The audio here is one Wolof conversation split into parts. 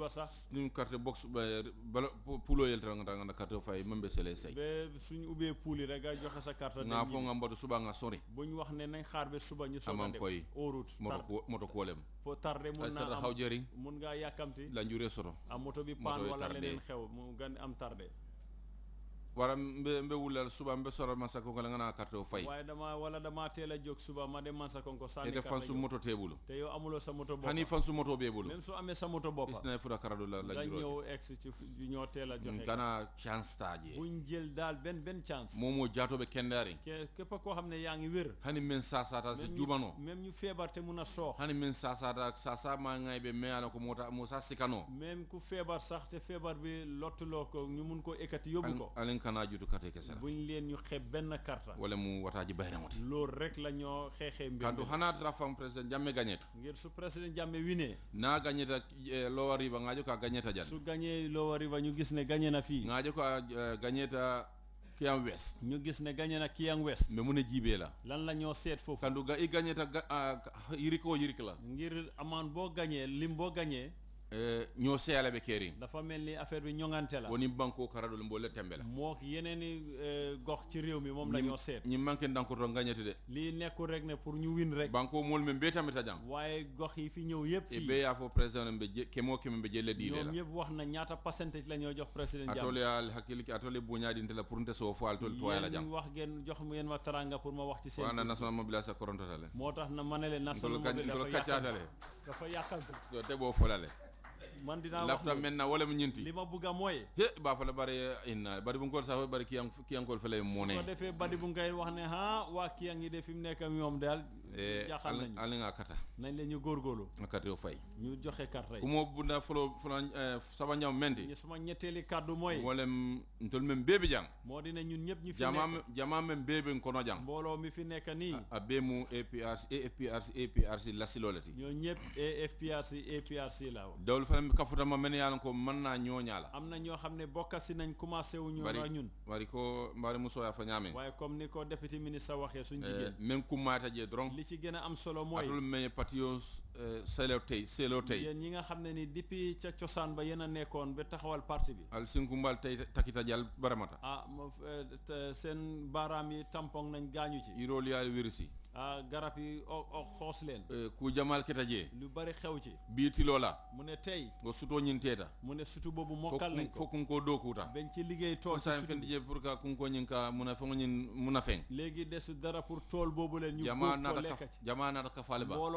Tubarsax ñun carte box bala pulo yeltanga ngana carte fay membe sele say be suñu ubbee puul rek nga joxe sa carte nga fo nga mbodu suba nga sori bu ñu wax ne nañ xaar be suba ñu soog a dem koy au route moto moto koolem fo tardé mun naa am la njuree soto am ah, moto bi paan wala leneen xew mu gan am tardé wara mbe mbe wulal suba mbe sora mansa ko ngala ngana carte o fay way dama wala dama tela jog suba ma de mansa ko sami carte fansu moto tebulo te yo amulo sa moto bopa hani fansu moto bebulo même so amé sa moto bopa isna fura karado la la juro ñew ex ci ñoo tela joxe kana chance taaje buñ jël dal ben ben chance momo jaato be kendari ke kepp ko xamne yaangi wër hani men sa sa ta jubano même ñu febar te muna sox hani men sa sa ta sa sa ma ngay be meana ko mota mo sa sikano même ku febar sax te febar bi lotlo ko ñu mun ko ekati yobbu ko kana jutu karte ke sera buñ leen ñu xeeb benn karta wala mu wataaji bayramoti loolu rek la ñoo xeexee mbir kandu hana drafam président jamme gagneta ngir su président jamme winee na gagneta eh, lowa riba ngajo ka gagneta jan su gagnee lowa riba ñu gis ne gagne na fii ngajo ka eh, gagneta Kiang West ñu gis ne gañe na Kiang West mais mu ne jiibee la lan la seet foofu kandu ga i gañeta ga ah, yirikoo yirik la ngir amaan boo gañee lim boo gañee Euh, ñoo seyala be keeriŋ dafa mel ni affaire bi ñoŋante la wo niŋ bankoo karadolu mboolu le tembe la moo yeneeni euh, gox ci réew mi moom la ñoo seet ñiŋ manke dankoto ngañati de lii nekkul rek ne pour ñu win rek bankoo moolu meŋ bee tamita jaŋ waaye gox yi fi ñëw yëpp fii e bee yaa fo président be la ñoom ñëpp wax na ñaata percentage la ñoo jox président Jammeh atolu yaal la pour nte soo fo altolu tuwaya la jaŋ wax ngeen jox ngeen ma taranga pour ma wax ci seen ana national mobilisation sa korontota le moo tax na ma ne le national mobilisation dafa yàqal dafa yàqal te le man dinaa wax lafta maintenant wala mu ñenti li ma bugg a mooy he baa fa la bari eh, inna bari bu ngol sax bari ki yang ki yang su ko defee bari bu ngay wax ne ha waa ki yang yi de fi mu nekk ñoom daal Eh, jaaxal nañu ali nga kata nañ leen ñu góorgóorlu akat yow fay ñu joxe carte moo kumo bunda folo folo eh, saba ñaw mendi ñu suma ñetteeli kàddu mooy wolem ntol mem beebi jang moo dina ñun ñëpp ñu fi nekk jama mem beebi kono jang mbooloo mi fi nekk nii a beemu APRC AFPRC APRC la silolati ñoo ñëpp AFPRC APRC la dawul fanam kafutama men yalla ko mën naa ñooñaa la am na ñoo xam ne bokkasi nañ commencé wu ñu la ñun bari ko mbari muso ya fa waaye comme ni ko député ministre waxee suñ jigéen même eh, kumaata je dron li ci gën a am solo mooy. atul patios Euh, selo tey selo tey yéen ñi nga xam ne ni depuis ca cosaan ba yéen a nekkoon ba taxawal parti bi al sinkumbal tey takita jal baramata ah euh, seen baaraam yi tampon nañ gaañu ci irool yaal wirisi ah garab yi o xoos leen euh, ku jamal kita jee lu bari xew ci biiti loola mu ne tey nga sutoo ñin teeta mu ne sutu boobu mokkal nañ ko fo kun koo dookuuta bañ ci liggéey tool sa fenti jee pour que kun koo ñin ka mun a fengu léegi desu dara pour tool boobu leen ñu jamaa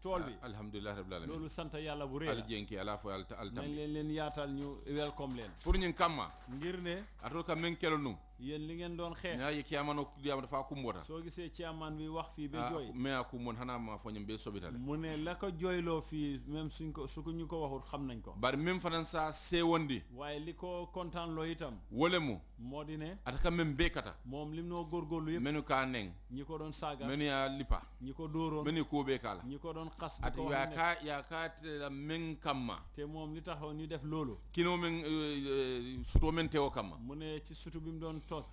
tool bi alhamdulilah rabbil alamin loolu sant yàlla bu rëy la jenki ala fo al nañ leen leen yaatal ñu welcome leen pour ñu kamma ngir ne atol kam men kelonum yéen li ngeen doon xeex ñaa yi kiyamano kiyama dafa kumbota soo gisee fii ba ah, jooy mais a ah, kumbon ko jooyloo fii même suñ ko su ko ñu ko waxul xam nañ ko bari waaye li ko kontaan loo itam wole mu moo di ne ataka même beekata moom lim noo góorgóorlu yëpp menu kaa neng ñi ko doon saaga menu yaa lipa ñi ko dóoroon menu koo beekaa la ko doon xas ati yaa kaa yaa kaa te la kamma te moom li taxoon ñu def loolu kinoo meng euh, euh, sutoo men tewo kamma mu ne ci sutu bi mu doon So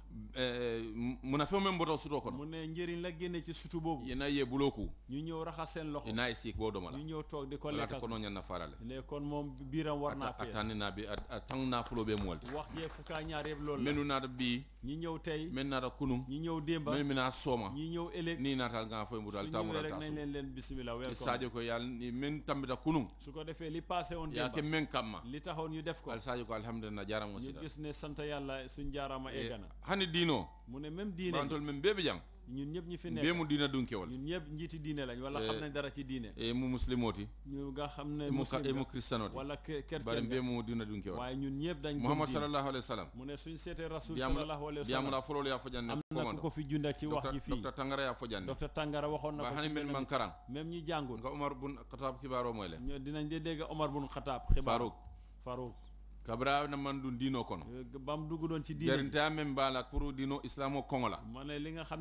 munafɛn min bɔtɔ sutɔ kɔnɔ mun ne njeri la génne ci sutu boobu i n'a ye boloku ñu ñëw raxas seen loxo i n'a ye siik boo ñu ñëw toog di ko lekkal kono ñan na faarale le kon moom biiram war a tang naa fulo be muwalte wax jee fukkaa ñaar yëpp loolu menu naata bii ñi ñëw tey men naata kunum ñi ñëw démba men minaa sooma ñi ñëw ëllëg nii naatal nga foy mbutal tamura rek nañ leen leen bisimila ko yàlla men tambita kunum su ko defee li passé on démba yaa ke men kamma li taxoon ñu def ko al sadio ko alhamdulillah jaaraama ñu gis ne sant suñ jaaraama eh, eggana kadi diinoo mu ne même diine bantol men beeɓe jam ñun ñëpp ñi fi nekk mu diina dunkewol ñun ñëpp njiiti diine lañ wala xam eh, nañ dara ci diine e mu muslimooti ñu nga xam ne e mu cristianooti eh, wala chrétien bari mbe mu diina dunkewol waaye ñun ñëpp dañ muhammad sallallahu alayhi wa mu ne suñ seetee rasul sallallahu alayhi wa sallam yamula folol yaa fojanne am na ku ko fi junda ci wax ji fii docteur tangara yaa fojanne docteur tangara waxoon na ko ci men man karan même ñi jàngul nga omar bun xataab xibaaroo mooy le dinañ kabra na man du diinoo kono eh, bam dugg doon ci diine xam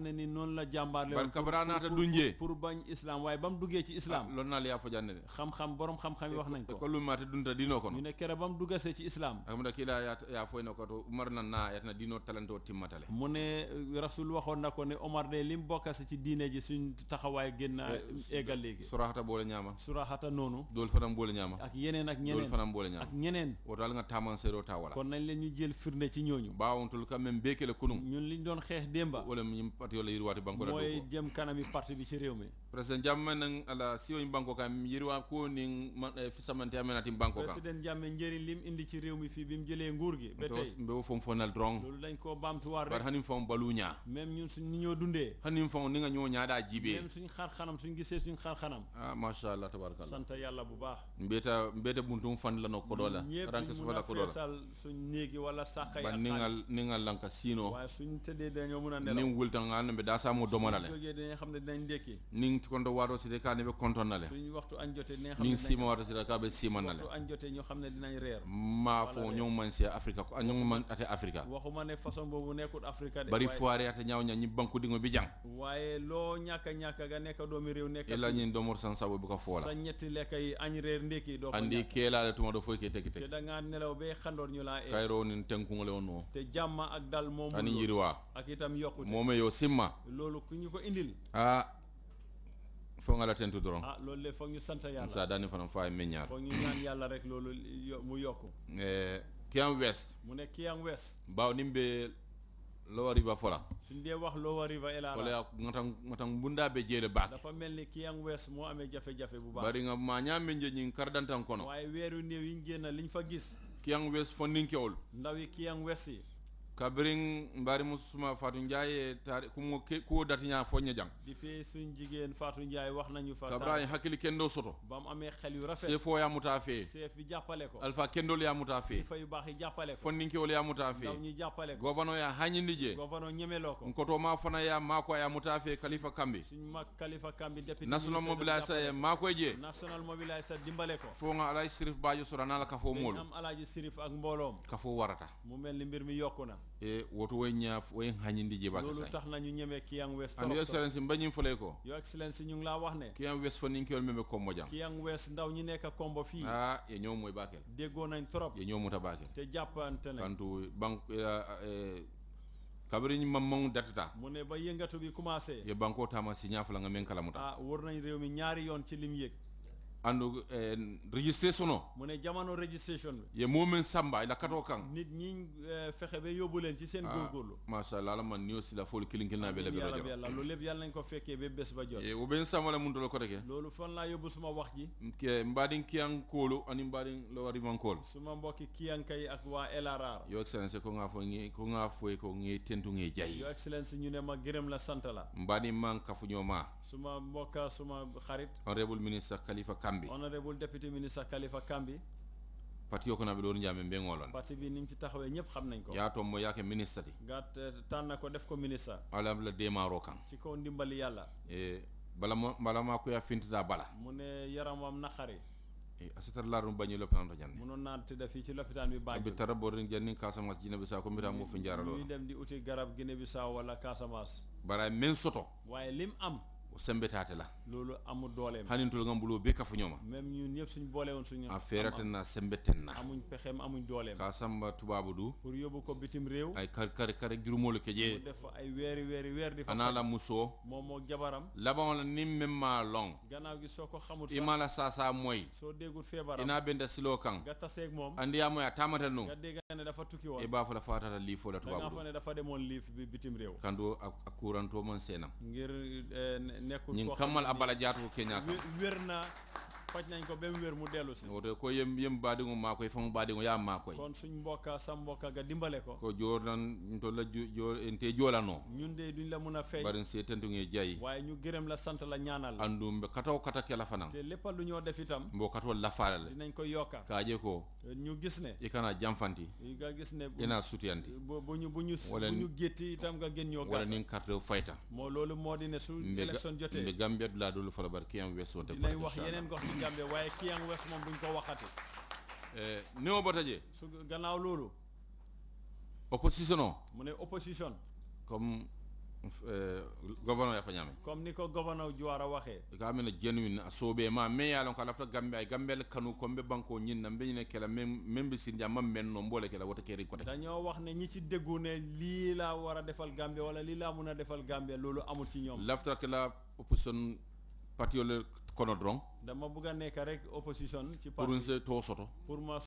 ne ni noonu la jàmbaar leen kabra naata dunjee pour bañ islam waaye bam duggee ah, wax nañ ko kollu maata dunta diinoo kono ñu ne kere bam na koto umar na naa yatana diinoo talantoo timmatale mu ne eh, rasul waxoon na ko ne omar de lim bokkase ci diine ji suñ taxawaay génn naa eh, eggal léegi suraxata boole ñaama suraxata noonu doolu fanam boole ñaama ak yeneen ak ñeneen doolu fanam ak ñeneen woto kamansero tawala kon nañ leen ñu jël firnde ci ñooñu baawontul quand même beekele kunum ñun liñ doon xeex démba wala ñim parti wala yirwaati banko mooy jëm kanami parti bi ci réew mi président jamme nan ala siwoñ banko kam yirwa ko ni eh, samante amenatim banko kam président jamme njëriñ lim indi ci réew mi fii bi mu jëlee nguur gi ba tey mbewo fom fonal drong loolu dañ koo baamtuwaar rek hanim fam balu ñaa même ñun suñ ñoo dundee hanim fam ni nga ñoo ñaadaa jibee même suñ xar xanam suñ gisee suñ xar xanam ah macha allah tabarakallah sant yàlla bu baax mbeeta mbeeta buntum fan la no ko doola ranke su fa la ko do fesal suñ neegi wala saxay ak ni nga ni nga lanka sino way suñ mëna nelaw wulta nga ne da sa mo dañ waro ci de ka ne be konton suñ waxtu an ne sima waro ci da ka be sima waxtu an ñu dinañ reer ma fo ñu man ci afrika ko ñu man ate afrika waxuma ne façon bobu nekut afrika de bari foire ñi banku dingo bi jang waye lo ñaka ñaka ga nekk rew nekk ila ñi domor san sabu bu ko fola sa ñetti lekay añ reer ndeki do ko andi tuma do foy ke te da nga nelaw be xandoor ñu laa e kayro nin tenkugole o noo te jàmma ak dal moom ani yiriwa ak itam yokkute moome yo simma loolu ku ñu ko indil ah foog nga la tentu doron ah, loolu le foog ñu sant yàlla sa daani fanam faa meññaar foog ñu ñaan yàlla rek loolu mu yokk eh, Kiang West mu ne Kiang West baaw nim be Lower River fola suñ dee wax Lower River e laala wala nga tan nga tan dafa mel ni Kiang West moo amee jafe-jafe bu baax bari nga maa ñaa meñje ñi ngi kardantan kono waaye weeru néew yi ñu génn kiyang wes funding ke ol ndawi kiyang wesi kabirin mbari musuma fatou ndiaye tari dati nya fo foñña di dipi suñ jigen fatou ndiaye wax nañu fa sabrañ hakkili kendo soto bam amé xel yu rafet chef ya mutafé chef bi jappalé ko alpha kendo ya mutafé fa yu bax jappalé ko ki wol ya mutafé daw ñi ko gobano ya hañindi gobano govano loko ko to ma fana ya mako ya mutafé khalifa kambi suñ ma khalifa kambi député national mobilisation mako je national mobilisation dimbalé ko fo nga alay sirif baaju nala ka fo molu am alaaji sirif ak mbolom kafo warata mu melni mbir mi yokuna e woto woye ñaaf woye hañindi jibaka loolu tax nañu ñeme kiyang west an yo excellence mbañim fole ko yo excellence ñu ngi laa wax ne kiyang west fa ninkiwol meme kombo jang kiyang west ndaw ñi nekk kombo fii ah ye ñoo mooy baakel déggoo nañ trop ye ñoo muta baakel te jàppante ne kantu banque eh, eh, kabiriñ ma maŋ datata mu ne ba yëngatu bi commencé ye banko tama si la nga men kala muta ah war nañ réew mi ñaari yoon ci lim yëg ando en eh, registration no registration bi ye momen samba ila kato kan nit ni eh, fexe be yobulen len ci sen ah, gorgolu ma sha Allah man niyo sila fol kilin kilna be la be yalla yalla lo lepp yalla nañ fekke be bes ba jot e eh, o ben samba la muntu ko deke lolou fon la yobbu suma wax ji ke mbadin kiyan kolo ani mbadin lo wari man kol suma mbokki kiyan kay ak wa LRR yo excellence ko nga fo ni ko nga fo ko ngi tentu ngi jay yo excellence ñu ne ma gërem la sante la mbadin man kafu ñoma suma mbokka suma xarit honorable ministre khalifa kam kambi honorable deputy minister Khalifa Kambi parti yo ko naɓe ɗon jami mbegolon parti bi nin ci taxawee ñëpp xam nañ ko yaa toon mo yaake ministre ti gat tànn ko def ko ministre alam la démarro kan ci kaw ndimbali e, bala mo bala maa kuya fintita bala mu ne yaramam naqari e, asitata laaɗum a lopitan to jande muno naatteɗa fii ci lopitan mi bañi abi tara borin jannin casamance guine bisa ko mbita mo fi jaaraloɗo ɗi dem di uti garab guine bisa walla casamance o sembetaate la loolu amu doole hanintul ngam buloo be kafu ma même ñun ñëpp suñ boole woon suñu a feeraten na sembeten na amuñ pexeem amuñ dooleem ka samba tubaabu du pour yóbbu ko bitim réew ay kar kar kar juróomoolu ke jee def ay weeri weeri weer di fa anaa la musoo moom moo jabaram laban la ni même maa long gannaaw gi soo ko xamut sax ima la saasaa mooy soo déggul feebaram ina benda siloo kan nga taseeg moom andi yaa mooy a tamatal noonu ga dégg ne dafa tukki woon i e baafa la faatata liifoo la tubaabu du ne dafa demoon liif bi bitim réew kandoo ak kuurantoo man seenam ngir eh, nekkul ñi xamal a jaatu ko Kenya wér naa faj nañ ko ba mu wér mu dellu si woto ko yem yem baadiŋo maa koy faŋo baadiŋo ye a maa koy kon suñ mbokka sa mbokka ga dimbale ko ko joor nan nto la joor nte joolanoo ñun de duñ la mun a fay bari see tentuŋe waaye ñu gërëm la sant la ñaanal andum be kataw kata ke la fanaŋ te léppa lu ñoo def itam mboo katoo lafaale la dinañ ko yokka kaaje ko ñu gis ne i kana jamfanti nga gis ne i naa sutiyanti bu ñu bu ñu bu ñu gétti itam nga gën ñoo gàtt wala niŋ carte fayta moo loolu moo di su élection jotee mbe Gambia du laa doolu fala wax yeneen gox Gambie waaye Kiang West moom duñ ko waxati. Eh, ni ma botaje. su gannaaw loolu. opposition o. mu ne opposition. comme eh, gouverneur yafa ñaame. comme ni ko gouverneur Juwara waxee. ka amina genuine a soobee ma mais yaalon ko alafta gambe ay gambel kanu ko mbe banko ñin na mbeñu ne kela même même bi sinja mam men no mbole kela wota keri kote dañoo wax ne ñi ci déggu ne lii laa war a defal gambe wala lii laa mun a defal gambe loolu amul ci ñoom lafta la opposition patriote konodron dama bugg a nekk rek opposition ci parti pour se too soto